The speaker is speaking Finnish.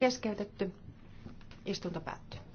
keskeytetty. Istunto päättyy.